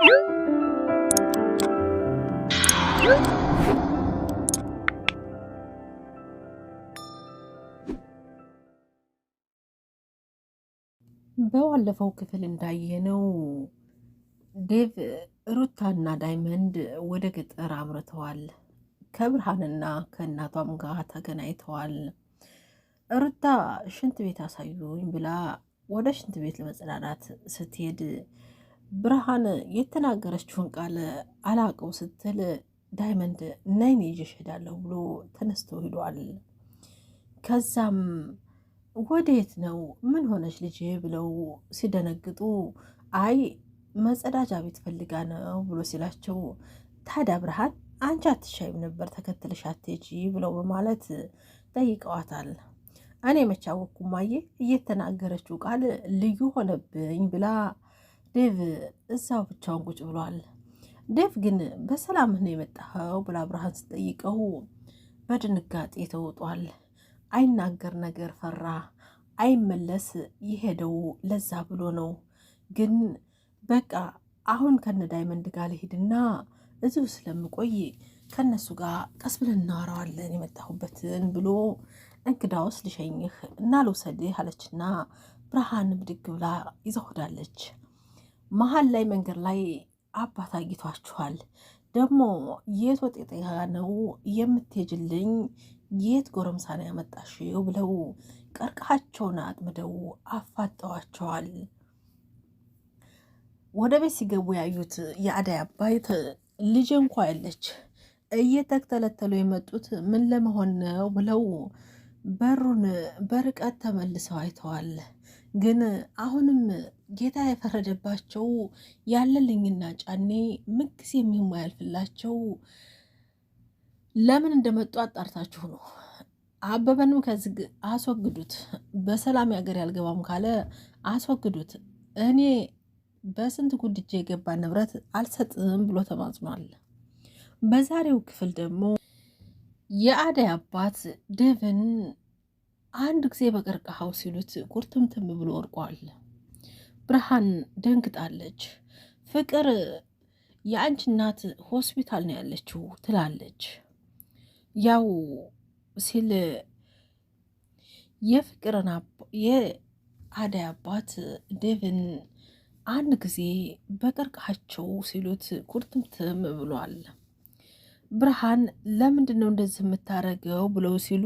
በባለፈው ክፍል እንዳየነው ዴቭ ሩታና ዳይመንድ ወደ ገጠር አምርተዋል። ከብርሃንና ከእናቷም ጋር ተገናኝተዋል። ሩታ ሽንት ቤት አሳዩኝ ብላ ወደ ሽንት ቤት ለመጸዳዳት ስትሄድ ብርሃን የተናገረችውን ቃል አላቀው ስትል ዳይመንድ ናይን ይዤሽ እሄዳለሁ ብሎ ተነስቶ ሂዷል። ከዛም ወዴት ነው ምን ሆነች ልጄ ብለው ሲደነግጡ አይ መጸዳጃ ቤት ፈልጋ ነው ብሎ ሲላቸው ታዲያ ብርሃን አንቺ አትሻይም ነበር ተከትልሽ አትሄጂ ብለው በማለት ጠይቀዋታል። እኔ መቻወኩ ማየ እየተናገረችው ቃል ልዩ ሆነብኝ ብላ ዴቭ እዛው ብቻውን ቁጭ ብሏል። ዴቭ ግን በሰላምህ ነው የመጣኸው ብላ ብርሃን ስጠይቀው በድንጋጤ ተውጧል። አይናገር ነገር ፈራ፣ አይመለስ የሄደው ለዛ ብሎ ነው። ግን በቃ አሁን ከነ ዳይመንድ ጋር ልሄድና እዚሁ ስለምቆይ ከነሱ ጋር ቀስ ብለን እናወራዋለን የመጣሁበትን ብሎ ውስጥ ልሸኝህ እና ልውሰድህ አለችና ብርሃን ብድግ ብላ ይዘውዳለች። መሀል ላይ መንገድ ላይ አባት አግኝቷችኋል። ደግሞ የት ወጤጤያ ነው የምትሄጅልኝ? የት ጎረምሳ ነው ያመጣሽው? ብለው ቀርቃቸውን አጥምደው አፋጠዋቸዋል። ወደ ቤት ሲገቡ ያዩት የአደይ አባይት ልጅ እንኳ ያለች እየተተለተሉ የመጡት ምን ለመሆን ነው ብለው በሩን በርቀት ተመልሰው አይተዋል። ግን አሁንም ጌታ የፈረደባቸው ያለልኝና ጫኔ ምንጊዜ የሚማያልፍላቸው ለምን እንደመጡ አጣርታችሁ ነው። አበበንም ከዚህ አስወግዱት። በሰላም ያገር ያልገባም ካለ አስወግዱት። እኔ በስንት ጉድጄ የገባ ንብረት አልሰጥም ብሎ ተማጽኗል። በዛሬው ክፍል ደግሞ የአደይ አባት ዴቭን አንድ ጊዜ በቀርቀሃው ሲሉት ኩርትምትም ብሎ ወርቋል። ብርሃን ደንግጣለች። ፍቅር የአንቺ እናት ሆስፒታል ነው ያለችው ትላለች። ያው ሲል የፍቅርን የአዳይ አባት ዴቭን አንድ ጊዜ በቅርቃቸው ሲሉት ኩርትምትም ብሏል። ብርሃን ለምንድን ነው እንደዚህ የምታደርገው ብለው ሲሉ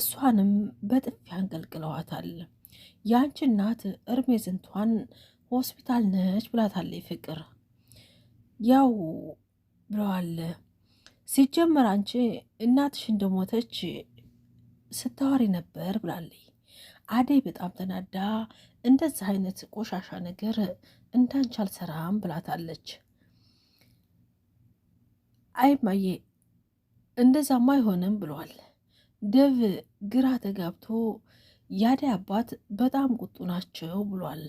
እሷንም በጥፊ አንቀልቅለዋታል። ያንቺ እናት እርሜ ዝንቷን ሆስፒታል ነች ብላታለች ፍቅር። ያው ብለዋል ሲጀመር አንቺ እናትሽ እንደሞተች ስታወሪ ነበር ብላለች አደይ። በጣም ተናዳ እንደዚህ አይነት ቆሻሻ ነገር እንዳንቺ አልሰራም ብላታለች። አይ እንደዛማ አይሆንም ብለዋል ደብ ግራ ተጋብቶ ያደይ አባት በጣም ቁጡ ናቸው ብሏል።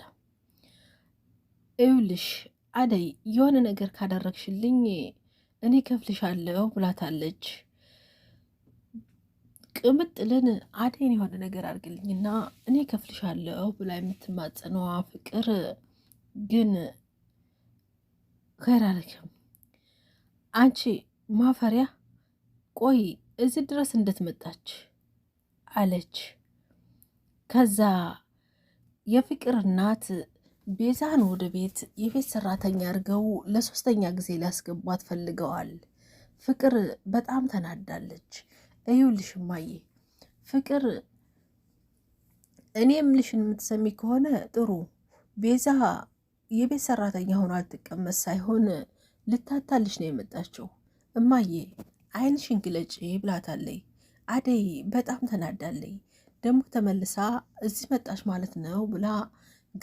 እውልሽ አደይ የሆነ ነገር ካደረግሽልኝ እኔ ከፍልሻለሁ ብላታለች። ቅምጥልን አደይን የሆነ ነገር አድርግልኝና እኔ ከፍልሻለሁ ብላ የምትማጸነዋ ፍቅር ግን ከይር አንቺ ማፈሪያ ቆይ እዚህ ድረስ እንደት መጣች አለች። ከዛ የፍቅር እናት ቤዛን ወደ ቤት የቤት ሰራተኛ አድርገው ለሶስተኛ ጊዜ ሊያስገቧት ፈልገዋል። ፍቅር በጣም ተናዳለች። እዩልሽ እማዬ ፍቅር እኔ እምልሽን የምትሰሚ ከሆነ ጥሩ ቤዛ የቤት ሰራተኛ ሆኖ አትቀመጥ ሳይሆን ልታታልሽ ነው የመጣችው። እማዬ አይንሽን ግለጭ ብላታለይ። አደይ በጣም ተናዳለይ። ደግሞ ተመልሳ እዚህ መጣች ማለት ነው ብላ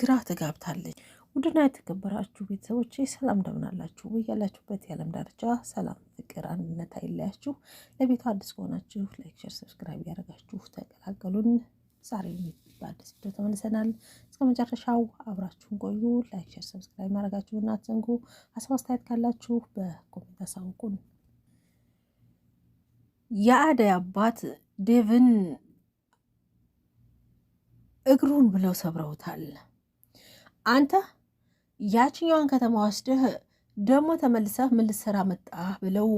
ግራ ተጋብታለች። ውድና የተከበራችሁ ቤተሰቦች ሰላም እንደምናላችሁ፣ ያላችሁበት የዓለም ዳርቻ ሰላም፣ ፍቅር፣ አንድነት አይለያችሁ። ለቤቱ አዲስ ከሆናችሁ ላይክ፣ ሸር፣ ሰብስክራይብ ያደረጋችሁ ተቀላቀሉን። ዛሬ በአዲስ ቪዲዮ ተመልሰናል። እስከ መጨረሻው አብራችሁን ቆዩ። ላይክ፣ ሸር፣ ሰብስክራይብ ማድረጋችሁን አትዘንጉ። ሀሳብ አስተያየት ካላችሁ በኮሜንት አሳውቁን። የአደይ አባት ዴቭን እግሩን ብለው ሰብረውታል። አንተ ያችኛዋን ከተማ ወስደህ ደግሞ ተመልሰህ ምን ልትሰራ መጣ ብለው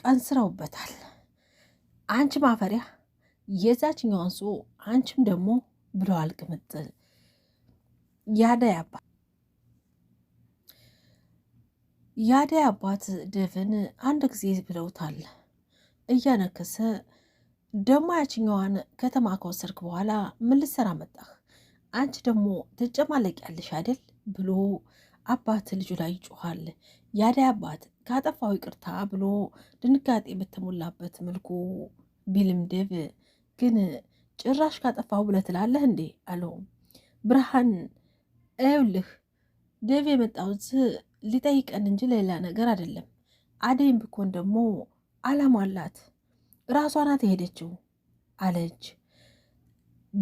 ቀንስረውበታል። አንቺ ማፈሪያ የዛችኛዋን ሱ አንቺም ደግሞ ብለዋል። ቅምጥል ያደይ አባት ያደይ አባት ደፍን አንድ ጊዜ ብለውታል እያነከሰ ደግሞ ያችኛዋን ከተማ ከወሰድክ በኋላ ምን ልትሰራ መጣህ? አንቺ ደግሞ ትጨማለቂያለሽ አይደል ብሎ አባት ልጁ ላይ ይጮኋል። ያዳይ አባት ካጠፋው ይቅርታ ብሎ ድንጋጤ በተሞላበት መልኩ ቢልም ግን ጭራሽ ካጠፋው ብለህ ትላለህ እንዴ አለው። ብርሃን እዩልህ ደብ የመጣው ሊጠይቀን እንጂ ሌላ ነገር አይደለም። አደይም ብኮን ደግሞ አላማ አላት ራሷ ናት የሄደችው አለች።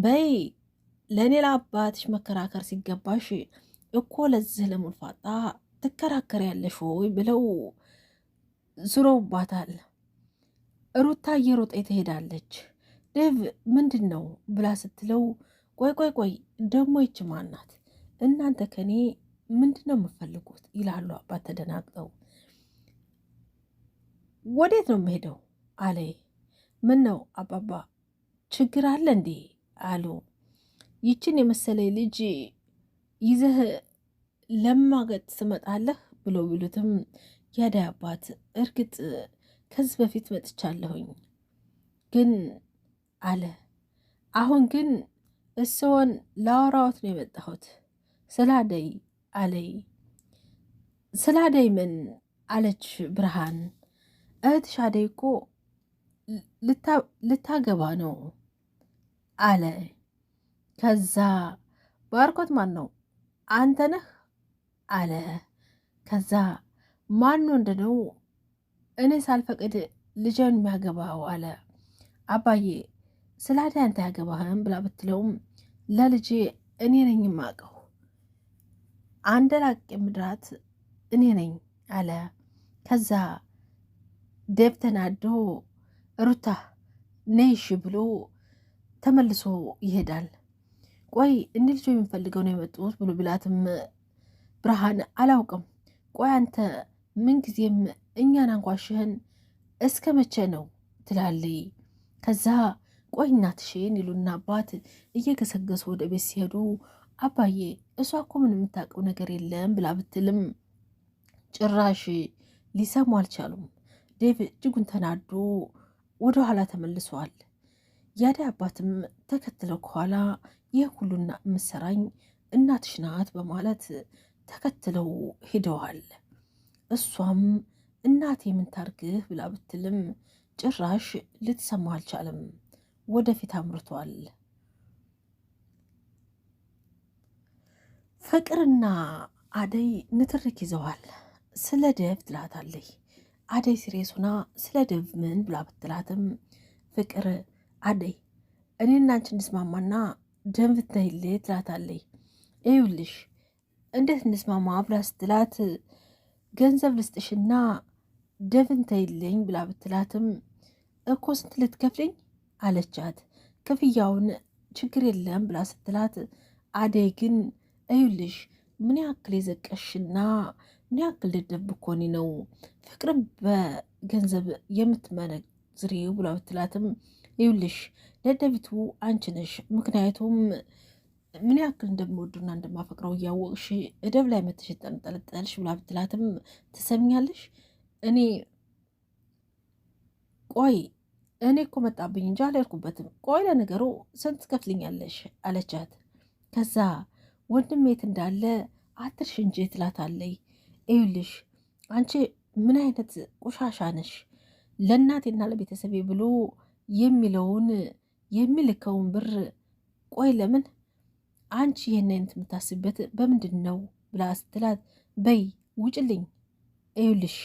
በይ ለእኔ ለአባትሽ መከራከር ሲገባሽ እኮ ለዚህ ለሞልፋጣ ያለሽ ወይ ብለው ዙረውባታል። ሩታ እየሮጠ ትሄዳለች። ዴቭ ምንድን ነው ብላ ስትለው ቆይ ቆይ ቆይ ደግሞ ይች ማናት? እናንተ ከኔ ምንድን ነው የምፈልጉት? ይላሉ አባት ተደናግጠው። ወዴት ነው የምሄደው አለይ ምን ነው አባባ ችግር አለ እንዴ? አሉ። ይችን የመሰለ ልጅ ይዘህ ለማገጥ ትመጣለህ ብሎ ቢሉትም ያዳይ አባት እርግጥ ከዚህ በፊት መጥቻለሁኝ ግን አለ። አሁን ግን እስዎን ላወራዎት ነው የመጣሁት ስላደይ አለይ ስላደይ ምን አለች ብርሃን እህትሽ አደይ እኮ ልታገባ ነው አለ። ከዛ ባርኮት ማን ነው አንተ ነህ አለ። ከዛ ማን ወንድ ነው እኔ ሳልፈቅድ ልጅን የሚያገባው አለ። አባዬ ስለ አንተ ያገባህም ብላ ብትለውም ለልጄ እኔ ነኝ የማውቀው ላቅ ምድራት እኔ ነኝ አለ። ከዛ ዴቭ ተናዶ ሩታ ነይሽ ብሎ ተመልሶ ይሄዳል። ቆይ እኒ ልጆ የሚፈልገው ነው የመጡት ብሎ ብላትም ብርሃን አላውቅም። ቆይ አንተ ምንጊዜም እኛን አንኳሽህን እስከ መቼ ነው ትላለይ። ከዛ ቆይ እናትሽን ይሉና አባት እየገሰገሱ ወደ ቤት ሲሄዱ አባዬ እሷ እኮ ምን የምታውቀው ነገር የለም ብላ ብትልም ጭራሽ ሊሰሙ አልቻሉም። ዴቭ እጅጉን ተናዱ። ወደ ኋላ ተመልሰዋል። የአደይ አባትም ተከትለው ከኋላ ይህ ሁሉና ምሰራኝ እናትሽ ናት በማለት ተከትለው ሄደዋል። እሷም እናቴ ምን ታርግህ ብላ ብትልም ጭራሽ ልትሰማ አልቻለም። ወደፊት አምርቷል። ፍቅርና አደይ ንትርክ ይዘዋል። ስለ ደብ ትላታለች። አደይ ሲሬሱና ስለ ደብ ምን ብላ ብትላትም ፍቅር አደይ እኔ አንቺ እንስማማና ደንብ ትይልህ ትላታለይ። ይኸውልሽ እንዴት እንስማማ ብላ ስትላት ገንዘብ ልስጥሽና ደብን ተይልኝ ብላ ብትላትም እኮ ስንት ልትከፍልኝ አለቻት። ክፍያውን ችግር የለም ብላ ስትላት አደይ ግን እዩልሽ ምን ያክል የዘቀሽና ምን ያክል ኮኒ ነው ፍቅር በገንዘብ የምትመነዝሬ ብላ ብትላትም ይውልሽ ደደቢቱ አንቺ ነሽ። ምክንያቱም ምን ያክል እንደምወዱና እንደማፈቅረው እያወቅሽ እደብ ላይ መተሽ ጠንጠለጠልሽ ብላ ብትላትም ትሰሚያለሽ እኔ ቆይ እኔ እኮ መጣብኝ እንጂ አልሄድኩበትም። ቆይ ለነገሩ ስንት ትከፍልኛለሽ? አለቻት። ከዛ ወንድም የት እንዳለ አትርሽ እንጂ ትላታለይ። እዩልሽ አንቺ ምን አይነት ቆሻሻ ነሽ? ለእናቴና ለቤተሰቤ ብሎ የሚለውን የሚልከውን ብር ቆይ ለምን አንቺ ይህን አይነት የምታስብበት በምንድን ነው ብላ ስትላት፣ በይ ውጭልኝ፣ እዩልሽ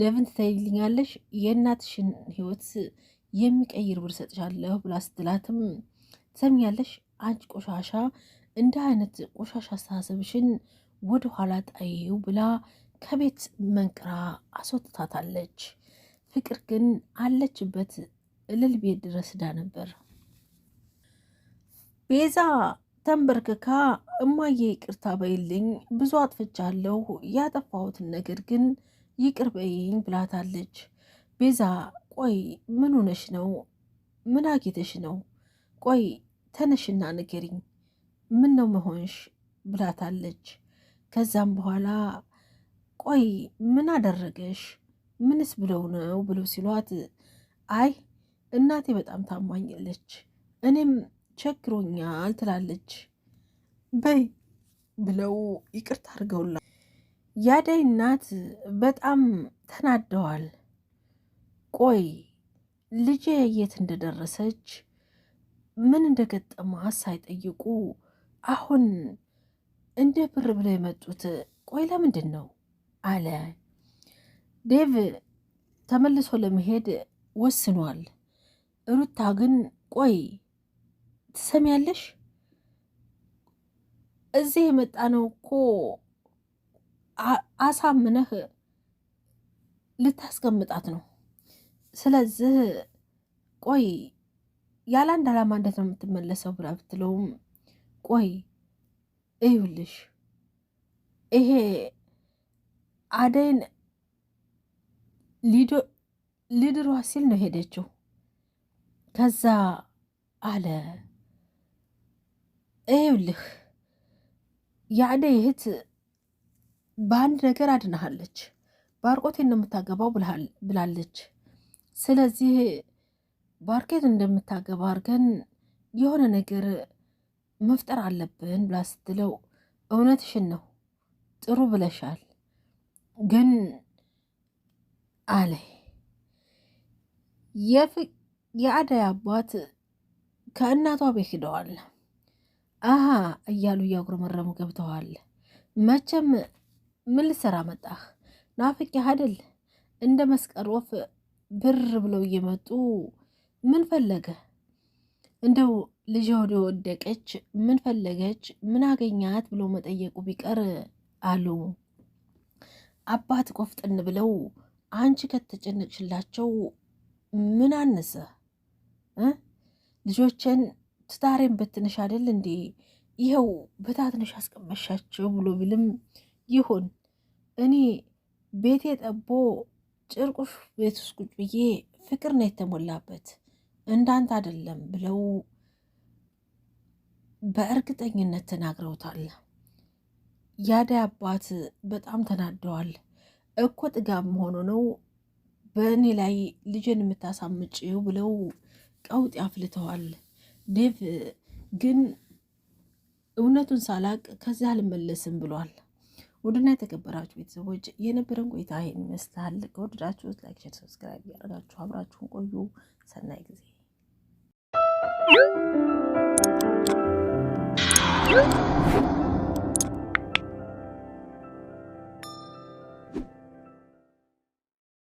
ደብን ትተይልኛለሽ፣ የእናትሽን ህይወት የሚቀይር ብር ሰጥሻለሁ ብላ ስትላትም፣ ትሰሚያለሽ አንቺ ቆሻሻ እንደ አይነት ቆሻሻ አስተሳሰብሽን ወደ ኋላ ጣይው ብላ ከቤት መንቅራ አስወጥታታለች። ፍቅር ግን አለችበት እልል ቤት ድረስ ዳ ነበር። ቤዛ ተንበርክካ እማዬ ይቅርታ በይልኝ፣ ብዙ አጥፍቻለሁ፣ ያጠፋሁትን ነገር ግን ይቅር በይኝ ብላታለች። ቤዛ ቆይ ምን ሆነሽ ነው? ምን አጌተሽ ነው? ቆይ ተነሽና ንገሪኝ፣ ምን ነው መሆንሽ ብላታለች። ከዛም በኋላ ቆይ ምን አደረገሽ? ምንስ ብለው ነው ብለው ሲሏት አይ እናቴ በጣም ታማኝለች፣ እኔም ቸግሮኛል ትላለች። በይ ብለው ይቅርታ አድርገውላ ያደይ እናት በጣም ተናደዋል። ቆይ ልጄ የት እንደደረሰች ምን እንደገጠማ ሳይጠይቁ አሁን እንደ ብር ብለው የመጡት ቆይ ለምንድን ነው አለ ዴቭ። ተመልሶ ለመሄድ ወስኗል። ሩታ ግን ቆይ ትሰሚያለሽ፣ እዚህ የመጣ ነው እኮ አሳምነህ ልታስቀምጣት ነው። ስለዚህ ቆይ ያለ አንድ አላማ እንደት ነው የምትመለሰው ብላ ብትለውም ቆይ እዩልሽ ይሄ አደይን ሊድሯ ሲል ነው ሄደችው። ከዛ አለ እዩልህ የአደይ እህት በአንድ ነገር አድናሃለች። ባርቆቴን እንደምታገባው ብላለች። ስለዚህ ባርኬት እንደምታገባ አድርገን የሆነ ነገር መፍጠር አለብን ብላ ስትለው እውነትሽን ነው ጥሩ ብለሻል፣ ግን አለ የአደይ አባት ከእናቷ ቤት ሂደዋል። አሀ እያሉ እያጉረመረሙ ገብተዋል። መቼም ምን ልሰራ መጣህ? ናፍቄ አይደል? እንደ መስቀል ወፍ ብር ብለው እየመጡ ምን ፈለገ እንደው ልጅ ወደ ወደቀች ምን ፈለገች ምን አገኛት ብሎ መጠየቁ ቢቀር አሉ አባት ቆፍጥን ብለው አንቺ ከተጨነቅሽላቸው ምን አነሰ ልጆችን ትታሬን በትንሽ አይደል እንዴ ይኸው በታትንሽ አስቀመሻቸው ብሎ ብልም ይሁን እኔ ቤቴ ጠቦ ጭርቁሽ ቤት ውስጥ ቁጭ ብዬ ፍቅር ነው የተሞላበት እንዳንተ አይደለም ብለው በእርግጠኝነት ተናግረውታል። የአደይ አባት በጣም ተናደዋል። እኮ ጥጋብ መሆኑ ነው በእኔ ላይ ልጅን የምታሳምጭው ብለው ቀውጥ ያፍልተዋል። ዴቭ ግን እውነቱን ሳላቅ ከዚህ አልመለስም ብሏል። ውድና የተከበራችሁ ቤተሰቦች የነበረን ቆይታ ይህን ይመስላል። ከወደዳችሁት ላይክ፣ ሰብስክራይብ ያደርጋችሁ አብራችሁን ቆዩ። ሰናይ ጊዜ Huh?